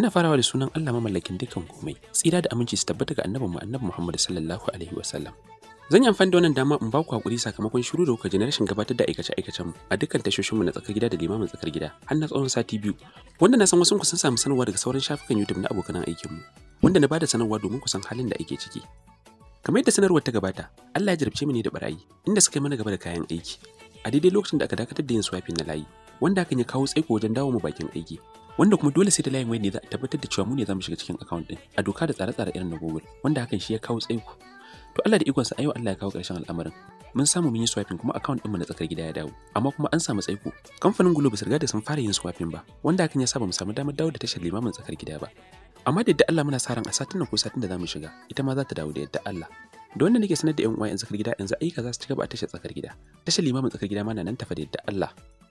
ina farawa da sunan Allah mamallakin dukkan komai tsira da aminci su tabbata ga annabinmu annabi Muhammad sallallahu alaihi wasallam zan yi amfani da wannan dama in ba ku hakuri sakamakon shiru da kuka ji na rashin gabatar da aikace aikacen mu a dukkan tashoshin mu na tsakar gida da limamin tsakar gida har na tsawon sati biyu wanda na san wasu ku sun samu sanarwa daga sauran shafukan YouTube na abokan aikin mu wanda na bada sanarwa domin ku san halin da ake ciki kamar yadda sanarwar ta gabata Allah ya jarabce mu ne da barayi inda suka yi mana gaba da kayan aiki a daidai lokacin da aka dakatar da yin swiping na layi wanda hakan ya kawo tsaiko wajen dawo mu bakin aiki wanda kuma dole sai da layin wayar ne za a tabbatar da cewa mu ne za mu shiga cikin account din a doka da tsare-tsare irin na Google wanda hakan shi ya kawo tsaiku. to Allah da sa ayo Allah ya kawo ƙarshen al'amarin mun samu mun yi swiping kuma account mu na tsakar gida ya dawo amma kuma an samu tsaiko kamfanin Glo su riga da sun fara yin swiping ba wanda hakan ya sa mu samu damar dawo da tashar limamin tsakar gida ba amma da yadda Allah muna sa ran a satin nan ko satin da zamu shiga ita ma za ta dawo da yadda Allah da wannan nake sanar da yan uwa yan tsakar gida yanzu ayyuka za su ci a tashar tsakar gida tashar limamin tsakar gida ma na nan tafa da yadda Allah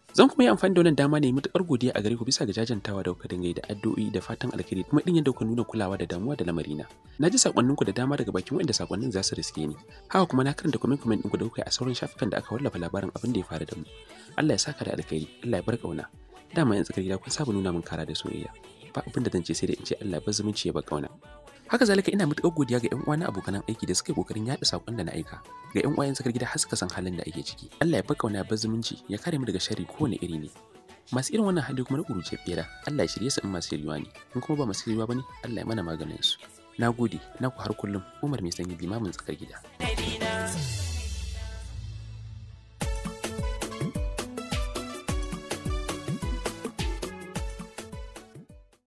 Zan kuma yi amfani da wannan dama ne matuƙar godiya a gare ku bisa ga jajantawa da kuka dinga da addu'o'i da fatan alkhairi kuma din yadda kuka nuna kulawa da damuwa da lamari Na na ji ku da dama daga bakin waɗanda saƙonnin za su riske ni. Haka kuma na karanta comment ɗin ku da kuka yi a sauran shafukan da aka wallafa labarin abin da ya faru da mu. Allah ya saka da alkhairi, Allah ya bar kauna. Dama yanzu gida kun saba nuna min kara da soyayya. Ba abin da zan ce sai da in ce Allah ya bar zumunci ya bar kauna. haka zalika ina matuƙar godiya ga ƴan uwana abokan aiki da suka yi kokarin yaɗa sakon da na aika ga ƴan uwayen sakar gida har suka san halin da ake ciki Allah ya baka wani bar zumunci ya kare mu daga sharri kowane iri ne masu irin wannan hali kuma na ƙuruce fera Allah ya shirye su in masu yariwa ne in kuma ba masu ba bane Allah ya mana maganin su na nagode naku har kullum Umar mai sanyi limamin tsakar gida